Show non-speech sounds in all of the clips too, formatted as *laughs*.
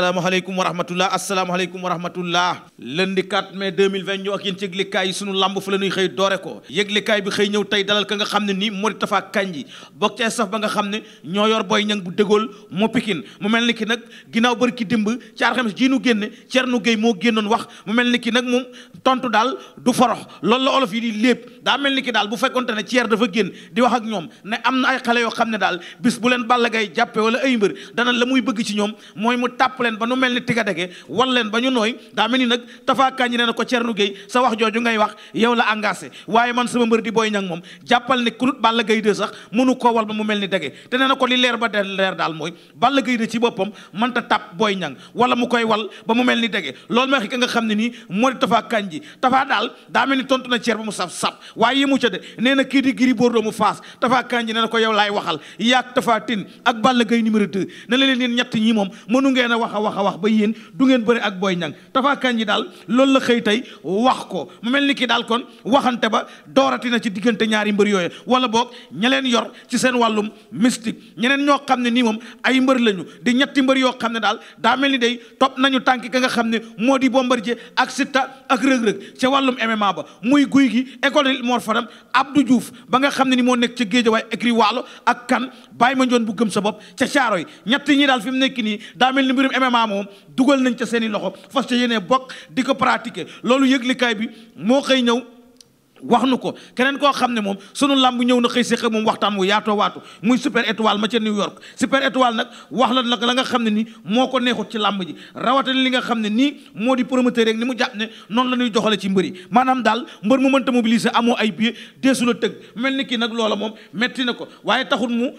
asalaamaaleykum wa rahmatulah asalaamaaleykum wa rahmatulah lundi 4 mai 2020 ak yéen ci yëglikaay yi sunu lamb fa la ñuy xëy doore ko yëglikaay bi xëy ñëw tey dalal ka nga xam ne nii moo di Tapha Kandji bokk ca staff ba nga xam ne ñoo yor Boy Niang bu dégool moo mu mel ni ki nag ginnaaw bëri ki dimb ci alxames ji nu génne Thierno Gueye moo génnoon wax mu mel ni ki nag moom tontu daal du forox loolu la olof yi di lépp daa mel ni ki daal bu fekkonte ne Thierno dafa génn di wax ak ñoom ne am na ay xale yoo xam ne daal bis bu leen Balla Gaye jàppe wala ay mbër dana la muy bëgg ci ñoom mooy leen ba nu mel ni tigadege wal leen ba ñu nooy daa mel ni nag tafaakaan ñi ne na ko la engagé waaye man sama mbër di Boy Niang moom jàppal ni kunut Balla ba mu mel ni dege te nee na ko li leer ba de leer daal mooy Balla Gaye de ci ni dege loolu mooy ki nga xam ne nii moo tafaa daal daa mel ni tontu na Thierno ba mu saf sap waaye yemu ca de nee na kii di Gris Bordeaux mu faas tafaakaan ji nee na ko yow laay waxal leen ñett ñi moom mënu ngeen a a wax a wax ba yéen du ngeen bëri ak Boy Niang Tapha daal loolu la xëy tey wax ko mu mel ni kii daal kon waxante ba doorati na ci diggante ñaari mbër yooyu wala boog ñeleen yor ci seen wàllum mystique ñeneen ñoo xam ne nii moom ay mbër lañu di ñetti mbër yoo xam ne daal daa mel ni day topp nañu tànk ka nga xam ne moo di Bombardier ak Siteu ak rëg-rëg ca wàllum MMA ba muy guy gi école Mor Fadam Abdou juuf ba nga xam ne ni moo nekk ca Géejawaay écrit waalo ak kan bàyyi ma njoon bu sa bopp ca caaro gouvernement moom dugal nañ ca seeni loxo fas ca yéene bokk di ko pratiquer loolu yëglikaay bi moo xëy ñëw wax nu ko keneen koo xam ne moom sunu làmb ñëw na xëy si xëy moom waxtaan wu yaatoo waatu muy super étoile ma ca New York super étoile nag wax la nag la nga xam ne nii moo ko neexut ci làmb ji rawatina li nga xam ne nii moo di promoteur rek ni mu jàpp ne noonu la ñuy joxale ci mbër yi maanaam daal mbër mu mënta mobiliser amoo ay billets deesu la tëgg mel ni kii nag loola moom metti na ko waaye taxul mu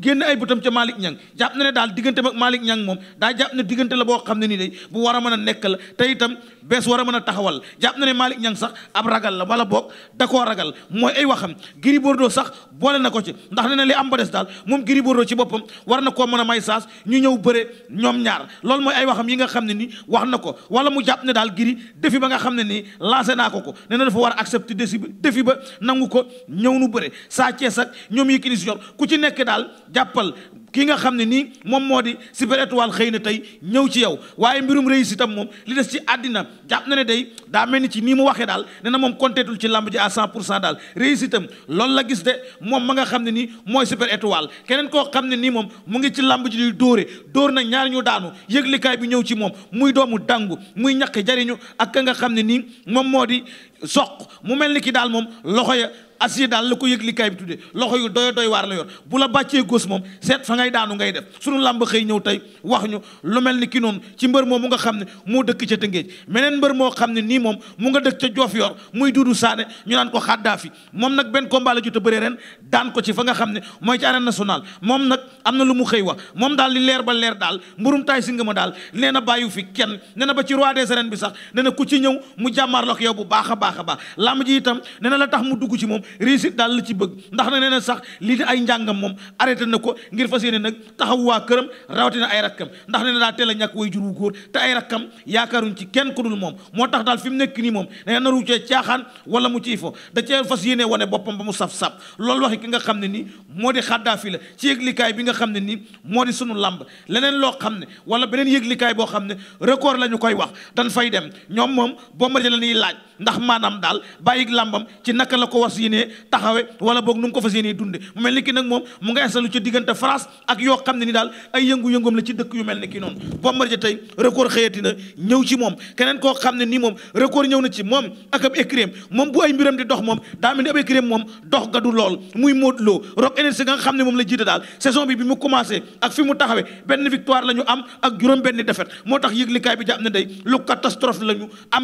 génn ay bu tam ca Malick Niang jàpp na ne daal diggante ak Malick Niang moom daa jàpp ne diggante la boo xam ne nii day bu a mën a nekk la te itam bees war a mën a taxawal jàpp na ne Malick Niang sax ab ragal la wala boog da koo ragal mooy ay waxam Gris Bordeaux sax boole na ko ci ndax nee na li am ba des daal moom giri Bordeaux ci boppam war na koo mën a may saas ñu ñëw bëre ñoom ñaar loolu mooy ay waxam yi nga xam ne nii wax na ko wala mu jàpp ne daal Gris défi ba nga xam ne nii lancé naa ko ko nee na dafa war a accepter défi défi ba nangu ko ñëw nu bëre Sa Thiès ak ñoom yi ki ni si yor ku ci nekk daal jàppal kii nga xam ne nii moom moo di super étoile xëy na tey ñëw ci yow waaye mbirum réussite am moom li des ci àddina jàpp na ne day daa mel ni ci nii mu waxee daal ne na moom konteetul ci làmb ji à cent pour cent daal réussite am la gis de moom ma nga xam ne nii mooy super étoile keneen koo xam ne nii moom mu ngi ci lamb ji di dóore dóor na ñaar ñu daanu yëglikaay bi ñëw ci moom muy doomu dangu muy ñaq jariñu ak ka nga xam ne nii moom moo di soq mu mel ni ki daal moom loxo ya acier daal la ko yëglikaay bi tuddee loxo yu doy waar la yor bu la bàccee gos moom seet fa ngay daanu ngay def sunu làmb xëy ñëw tey wax ñu lu mel ni kii noonu ci mbër moo mu nga xam ne moo dëkk ca Tëngéej meneen mbër moo xam ne nii moom mu nga dëkk ca Joof yor muy Duudu Saane ñu naan ko Xaddaafi moom nag benn combat la jot a bëree ren daan ko ci fa nga xam ne mooy ci arène nationale moom nag am na lu mu xëy wax moom daal di leer ba leer daal mburum si nga ma daal nee na bàyyu fi kenn nee na ba ci roi des arènes bi sax nee na ku ci ñëw mu jàmmaarloo yow bu baax a baax a baax làmb ji itam nee na la tax mu dugg ci moom réussite daal la ci bëgg ndax na nee sax lii di ay njàngam moom arrêté na ko ngir fas yéene nag taxaw waa këram rawatina ay rakkam ndax nee na daa teel a ñàkk way jur wu góor te ay rakkam yaakaaruñ ci kenn ku dul moom moo tax daal fi mu nekk nii moom nee naru cee caaxaan wala mu ciy fo da yéene wane boppam ba mu saf-saf loolu waxi ki nga xam ne nii moo di xàddaafi la ci yëglikaay bi nga xam ne nii moo di sunu làmb leneen loo xam ne wala beneen yëglikaay boo xam ne record la ñu koy wax dañ fay dem ñoom moom Bombardier la ñuy laaj ndax maanaam daal bàyyi làmbam ci naka la ko was yéene yéenee taxawe wala boog nu mu ko fas yéenee dunde mu mel ni ki nag moom mu nga installé ca diggante France ak yoo xam ne ni daal ay yëngu-yëngoom la ci dëkk yu mel ni ki noonu Bombardier tey record na ñëw ci moom keneen koo xam ne nii moom record ñëw na ci moom ak ab écrim moom bu ay mbiram di dox moom daa mel ni ab écrim moom dox ga lool muy Modou Lo Rock Énergie nga xam ne moom la jiite daal saison bi bi mu commencé ak fi mu taxawe benn victoire la am ak juróom benn défaite moo tax yëglikaay bi jàpp ne day lu catastrophe la ñu am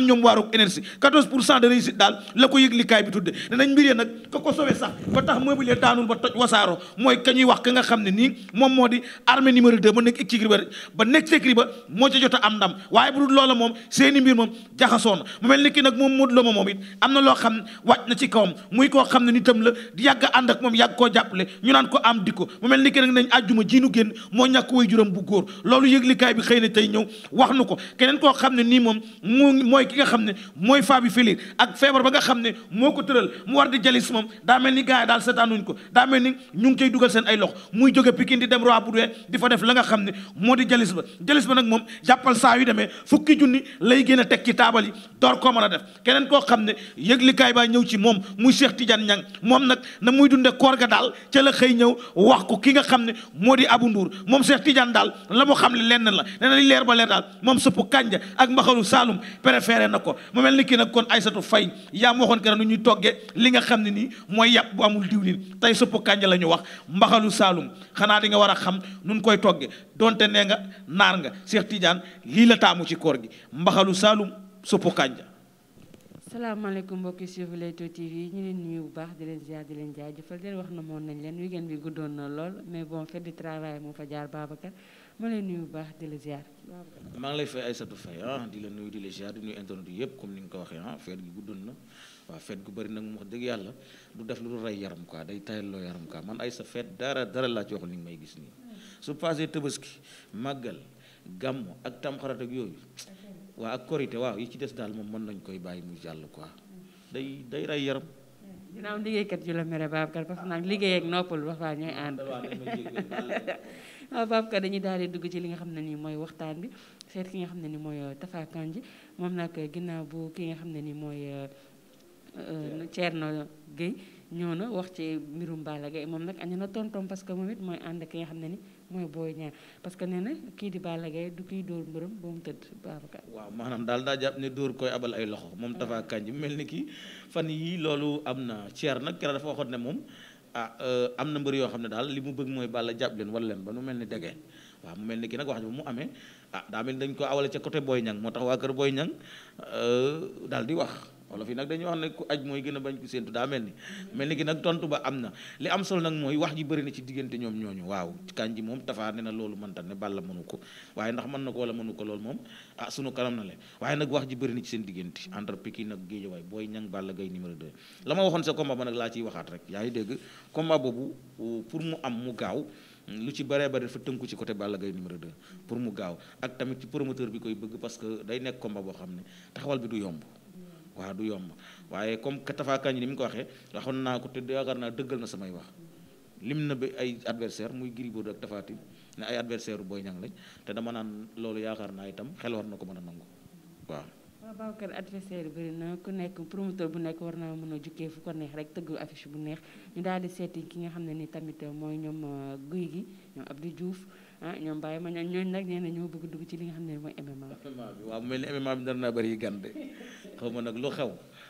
bi tudde ëllëg ka ko sauvé sax ba tax meublé daanul ba toj wasaaro mooy ka wax ka nga xam ne nii moom a am ndam na mu mel ni ki nag moom Modou ma moom it am la di a ànd ak moom yàgg koo jàppale ñu naan ko am di ko mu mel moo ñàkk bu góor loolu yëglikaay na tey ñëw wax ko keneen koo xam ne nii moom mu mooy ki nga xam ne mooy faa bi filir ak feebar ba nga xam ne moo ko tëral mu war di évangéliste moom daa mel ni gars yi daal seetaanuñ ko daa mel ni ñu ngi cay dugal seen ay lox muy jóge Pikine di dem la nga xam ne moo di jalis ba moom jàppal saa yi door koo mën a def keneen koo xam ne yëglikaay baa ñëw ci moom muy Cheikh Tidiane Niang moom nag na muy dunde koor ga daal ca la xëy ñëw wax ko nga xam ne moo di Abou Ndour moom Cheikh Tidiane daal la mu xam ne lenn la nee na li leer ba leer daal moom sëpp kanja ak mbaxalu Saalum préféré na ko mu mel ni kii nag kon Aïssatou Faye yaa ma waxoon ke nu ñuy toggee li nga xam xam mooy yàpp bu amul diwlin tey suppu kànja la ñu wax mbaxalu saalum xanaa di nga war a xam nun koy togge donte nee nga naar nga seex tiijan lii la taamu ci koor gi mbaxalu saalum suppu kànja salaamaaleykum mbokki suivre Leewtoo TV ñu leen nuyu bu baax di leen ziar di leen jaajëfal leen wax na moon nañ leen weekend bi guddoon na lool mais bon fête du travail moo fa jaar Babacar ma leen nuyu bu baax di la ziar. maa ngi lay fay Aïssatou Faye ah, di la nuyu di la yëpp comme ni nga ko waxee ah fête gi guddoon na waaw fête gu bëri nag mu wax dëgg yàlla du def lu dul rey yaram quoi day tayal loo yaram quoi man ay sa fête dara dara laa ci waxul ni nga may gis nii mm. su passé Tabaski màggal gàmmu ak tamxarat ak yooyu. waaw ak korité waaw yi ci des daal moom mën nañ koy bàyyi muy jàll ko day day rey yaram. dina liggéeykat yu la mere Babacar parce que nag liggéey ak noppal ba faa ñooy ànd. *laughs* waaw Babacar dañuy daal di dugg ci li nga xam ne nii mooy waxtaan bi seet ki nga xam ne nii mooy euh, Tafa Kandji moom nag euh, ginnaaw bu ki nga xam ne nii mooy. Euh, na Gueye ñëw na wax ci mbirum a Gaye moom nag añu na tontom parce que moom it mooy ànd ki nga xam ne ni mooy Boy Niang parce que nee na kii di Balla Gaye du kii dóor mbërëm ba mu tëdd Babacar waaw maanaam daal daa jàpp ne dóor koy abal ay loxo moom Tapha mu mel ni kii fan yii loolu am na ceer nag keroog dafa waxoon ne moom ah euh, am na mbër yoo xam ne daal li mu bëgg mooy Balla jàpp leen wala leen ba nu mel ni degee waaw mu mel ni kii nag wax mu amee ah daa mel ni dañ ko awale ca côté Boy Niang moo tax waa kër booy Niang euh, daal di wax wala fi nag dañuy wax ne ku aj mooy gën a bañ ku séentu daa mel ni mel ni ki nag tontu ba am na li am solo nag mooy wax ji bëri na ci diggante ñoom ñooñu waaw Kandji moom Tapha ne na loolu mënta ne Balla mënu ko waaye ndax mën na ko wala mënu ko loolu moom ah sunu kanam na leen waaye nag wax ji bëri ci seen diggante entre Pikine nag Guédiawaye Boy Niang Balla Gaye numéro 2 la ma waxoon sa combat ba nag laa ciy waxaat rek yaa ngi dégg combat boobu euh, pour mu am mu gaaw lu ci bëree bëri dafa tënku ci côté Balla Gaye numéro 2 pour mu gaaw ak tamit ci promoteur bi koy bëgg parce que day nekk combat boo xam ne taxawal bi du yomb waaw du yomb waaye comme katafaakaan yi ni mu ko waxee waxoon naa ko te yaakaar naa dëggal na samay wax lim na bi ay adversaire muy Gris Bordeaux ak Tapha Tine ne ay adversaire Boy Niang lañ te dama naan loolu yaakaar naa itam xel war na ko mën a nangu waaw. waaw Babacar adversaire bëri na ku nekk promoteur bu nekk war naa mën a jukkee fu ko neex rek tëgg affiche bu neex ñu daal seeti ki nga xam ne ni tamit mooy ñoom euh, guy gi ñoom Abdou Diouf ah ñoom bàyyi ma ñooñu nag nee na ñoo bëgg dugg ci li nga xam ne mooy MMA. MMA bi waaw xaw ma nag lu xew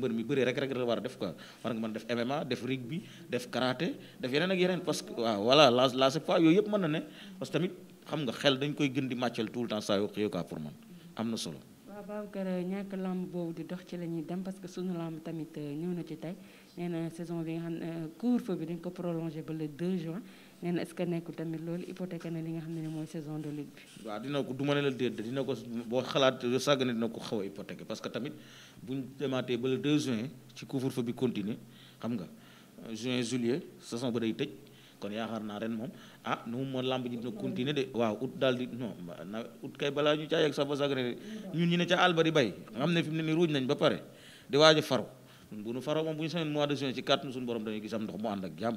mbër mi bëree rek rek war a def quoi war nga mën def MMA def rugby def karaté def yeneen ak yeneen parce waaw voilà la la c'est yooyu yëpp mën na ne parce tamit xam nga xel dañ koy gën di màccal tout temps saa yoo xëyee quoi pour man am na solo. waaw Babacar euh, ñàkk lamb boobu di dox ci la ñuy dem parce que tamit euh, ñëw na ci tey nee saison bi nga xam ne euh, couvre-feu bi dañ ko prolongé ba le 2 juin. nee na est-ce que nekkul tamit loolu hypothèque ne li nga xam ne mooy saison de lutte bi. dina ko du ma ne la déet dina ko boo xalaat yoo ne dina ko xaw a hypothèque parce que tamit bu ñu demaatee ba le 2 juin ci couvre-feu bi continuer xam nga juin juillet saison ba day tëj kon yaakaar naa ren moom ah nu mu ma làmb ji dina continuer de waaw ut daal di non na ut kay balaa ñu caa yegg sax ba sàgg ne ñun ñu ne ca àll ba di bay xam ne fi ne nii ruuj nañ ba pare di waaj a faru bu nu faroo moom bu ñu sañoon mois de juin ci mu ànd ak jàmm.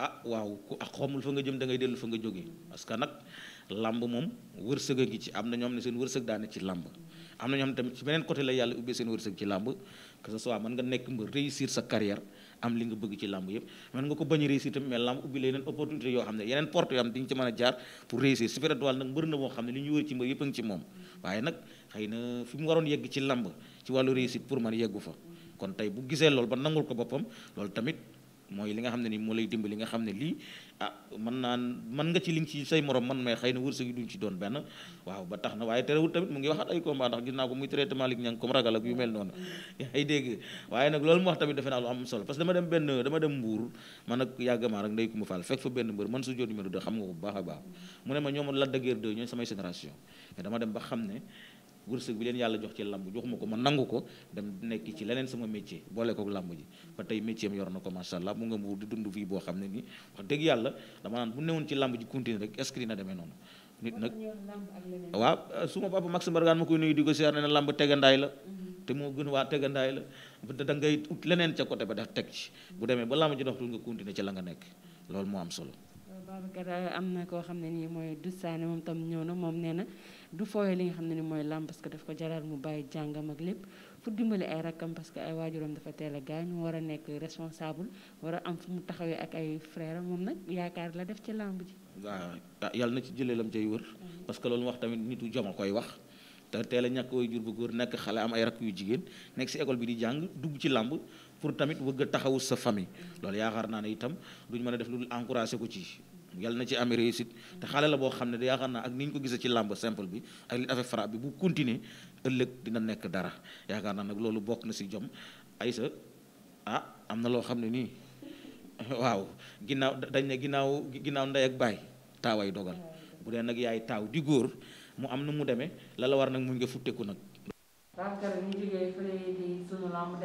ah waaw ku ak xamul fa nga jëm da dellu fa nga jóge parce que nag làmb moom wërsëg a ngi ci am na ñoo xam ne seen wërsëg daane ci làmb am na ñoo am tamit ci la yàlla ubbee seen wërsëg ci làmb que ce soit mën nga nekk mbër réussir sa ci làmb mën nga ko bañ a réussir mais làmb ubbi la yeneen opportunité yoo xam ne yeneen porte yoo xam ne di nga ci a jaar pour réussir Super Étoile nag mbër na boo xam ne li ñu wër ci mbër yëpp a ngi ci moom waaye nag xëy na fi mu waroon yegg ci làmb ci wàllu réussite pour man yeggu fa kon tey bu gisee loolu ba nangul ko boppam tamit mooy li nga xam ne ni moo lay dimbali nga xam ne lii ah mën naa mën nga ci li ci say morom man mais xëy na wërsëg yi duñ ci doon benn waaw ba tax na waaye terewul tamit mu ngi waxaat ay combat ndax gis naa ko muy traitement lig ñangi comme mu wax tamit defe naa lu am solo parce que dama dem benn dama dem mbuur man nag yàggamaa rek ndey ku ma faal fekk fa benn mbër man su jot numéro 2 xam nga ko baax a baax mu ne ma ñoom la de guerre samay génération dama dem ba xam ne wërsëg bi leen yàlla jox ci làmb joxuma ko ma nangu ko dem nekk ci leneen sama métier boole ko làmb ji ba tey métier am yor na ko macha allah mu nga mbuur di dund fii boo xam ne ni wax dëgg yàlla dama naan bu newoon ci làmb ji continuer rek est-ce que dina demee noonu nit nag waaw euh, su ma papa Max Mbargaan ma koy nuyu di ko siyaar ne làmb tegandaay la te moo gën waa tegandaay la da ngay ut leneen ca côté ba def teg ci bu demee ba làmb ji dox tu nga continuer ci la nga nekk loolu moo am solo Babacar am na koo xam ne nii mooy du saane moom tam ñëw na moom nee na du fooyee li nga xam ne nii mooy làmb parce que daf ko jaral mu bàyyi jàngam ak lépp pour dimbali ay rakkam parce que ay a gaañ mu war a nekk responsable war a am fu mu taxawee ak ay frère moom nag yaakaar la def ci làmb ji. waaw yàlla na ci jëlee lam cay wër. parce que loolu wax tamit nitu joma koy wax. te teel a ñàkk way jur bu góor nekk xale am ay rakk yu jigéen nekk si école bi di jàng dugg ci làmb pour tamit a taxawu sa famille loolu yaakaar naa ne itam duñ mën a def lu encouragé ko ci yàlla na ci amee réussite te xale la boo xam ne yaakaar naa ak ni ñu ko gisee ci làmb simple bi ak li avec frappe bi bu continuer ëllëg dina nekk dara yaakaar naa nag loolu bokk na si jom aysa ah am na loo xam ne nii *laughs* waaw ginnaaw dañ ne ginnaaw ginnaaw ndey ak baay taaway dogal bu dee nag yaay taaw di góor mu am nu mu demee la war nag mu nga futteku nag Babacar ñu jógee fële di sunu lamb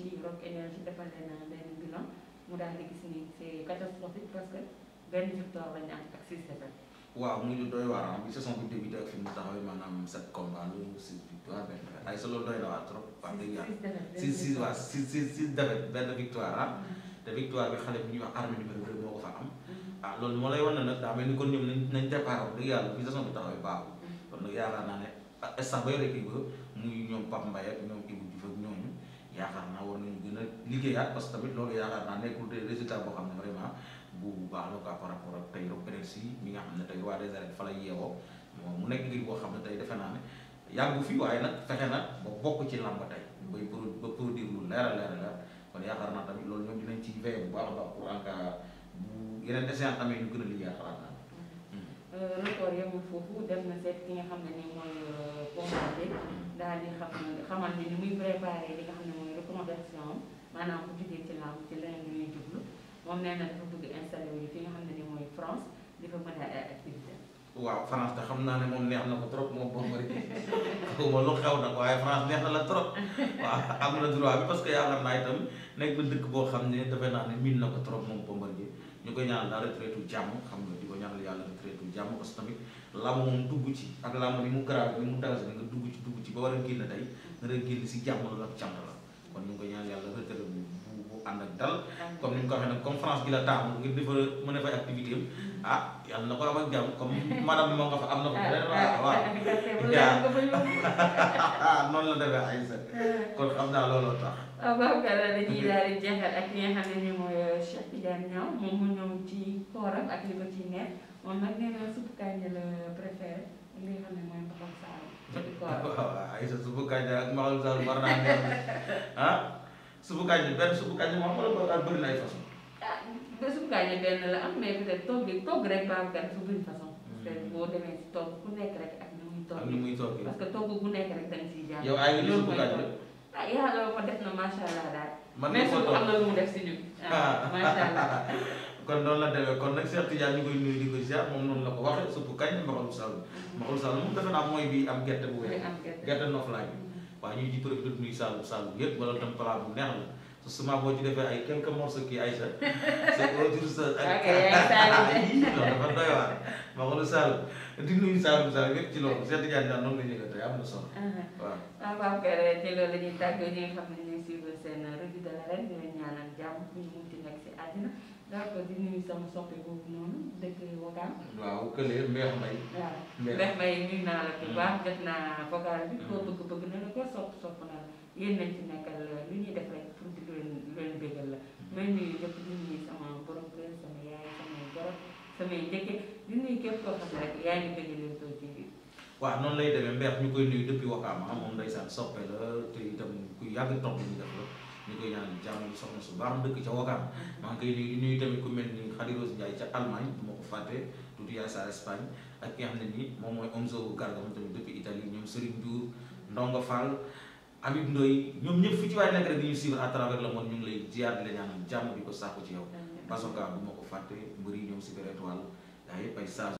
ci Rock leen benn mu daal di gis ni c'est catastrophique parce que benn victoire lañu am ak six défaites. waaw muy lu doy waar ah bi bi débuté ak fi mu taxawee maanaam sept combats lu six victoire benn défaite ay solo doy na waar trop. wax dëgg yàlla six six waaw benn victoire ah. Mm-hmm. te victoire bi xale bi ñuy wax armée numéro deux moo ko fa am. Mm-hmm. ah loolu moo lay wan ne nag daa mel ni kon ñoom nañ nañ départ wax dëgg yàlla bi saison bi taxawee baaxul. Mm-hmm. kon nag yaakaar naa ne ah, instant ba yore kii ba ñoom Pape Mbaye ak ñoom Ibou yaakaar naa war nañu gën a liggéeyaat parce que tamit loolu yaakaar naa nekkul résultat boo xam ne vraiment bu baax la quoi par rapport ak tey rek presse yi mi nga xam ne tey waa des arènes fa la yeewoo mu nekk ngir boo xam ne tey defe naa ne yàggu fi waaye nag fexe na ci làmb tey bay ba produire lu leer a leer a leer kon yaakaar naa tamit loolu ñoom dinañ ci veiller bu baax a baax pour en bu yeneen échéances tamit ñu gën a liggéey xalaat naa. Euh, record yemul foofu dem na seet ki nga xam ne ni mooy pompe euh, hmm. daal di xam xamal ni ni muy préparé li xam ne conversion am maanaam bu jugee ci làmb ci leneen lu ñuy jublu moom nee dafa bëgg installé wu fi nga xam ne ni mooy France di fa mën a activité waaw France te xam naa ne moom neex na ko trop moom Bombardier xaw na waaye France neex na la trop waaw am que yaakaar naa itam nekk dëkk boo xam ne defe naa na ko trop moom Bombardier ñu koy ñaanal daal retraite jàmm xam nga di ko ñaanal yàlla retraite u jàmm parce que tamit làmb moom dugg ci ak làmb ni mu garaaw ni mu dalas ni nga dugg ci dugg ci ba war a génn tey nga génn si jàmm la ak càmm la ànd ak dal comme ni ñu ko waxee nag comme la taamu ngir defa mën a fay activité mm-hmm. ah yàlla na ko am ak jàmm comme *laughs* madame moo nga fa am na ko ah, ah, waaw daal di jeexal ak li xam ne ni mooy euh, Cheikh Tidiane Niang moom mu ñëw ci kooram ak li ko ciy nekk moom nag nee na suppu kànja la préféré li xam ne mooy mbaxal saaru *laughs* waaw ay sa suppu kànja ak mbaxal saaru war naa neex *laughs* ah supu kànja benn supu kànja moom wala bëri na ay façon. ah ba supu kànja benn la am mais peut-être togg togg rek baaxul gan su bëri façon. Hmm. peut-être boo demee si togg ku nekk rek ak ni muy togg. ak ni muy togg parce que togg bu nekk rek da nga siy jaar. yow ay ngi supu kànja ah yàlla ko def na macha allah daal. man de ko am na lu mu def si ñun. Ah, *laughs* macha allah. kon noonu la demee kon nag Cheikh Tidiane ñu koy nuyu di ko ziar moom noonu la ko waxee supu kañ mbaxalu saalum. Hmm. mbaxalu saalum moom defe naa mooy bi am gerte bu weex. gerte noflaay bi waaye ñuy ji profité nuyu Saalum Saalum yëpp wala tam plat bu neex la te souvent boo ci defee ay quelques morceaux kii *laughs* ay sa sa retour sa ak yi loolu dafa doy waar ma xoolu Saalum di nuyu Saalum Saalum yëpp ci loolu seeti jaan daal noonu la ñu tey am na solo *laughs* waaw waaw kay ci loolu la ñuy tàggoo ñi nga xam ne ñu ngi suivre seen revue de l'arène ñu ñaanal jàmm ñu munti nekk si àddina d'accord di nuyu sama soppi boobu noonu dëkk Wakaam. waaw Kële Mbeex Mbay. waaw Mbeex Mbay nuyu naa la bu hmm. baax jot naa vocal bi. koo hmm. bëgg bëgg na la ko sopp sopp naa la yéen nañ ci nekkal lu ñuy def rek pour di leen lu leen bégal la. Hmm. may nuyu ñëpp di nuyu sama borom kër sama yaay samay gorog samay njëkke di nuyu képp koo xam ne rek yaa ngi bëgg Leewtoo TV. waaw noonu lay demee Mbeex ñu koy nuyu depuis Wakaam ah moom ndeysaan soppe la te itam ku yàgg topp ñu def koy ñaan jàmm yi soxna su baax mu dëkk ca Wakaam maa ngi koy nuyu tamit ku mel ni Khady Rose Ndiaye ca Allemagne bu ma ko fàtte tuuti yaay sa Espagne ak ki nga xam ne nii moom mooy Omzo Garga moom tamit depuis Italie ñoom Serigne Ndiour Ndongo Fall Habib Ndoye ñoom ñëpp fu ci waay nekk di ñu suivre à travers le ñu ngi lay ziar di jàmm di ko sàkku ci yow basoka bu ma ko fàtte mbëri ñoom Super Étoile gaa yëpp ay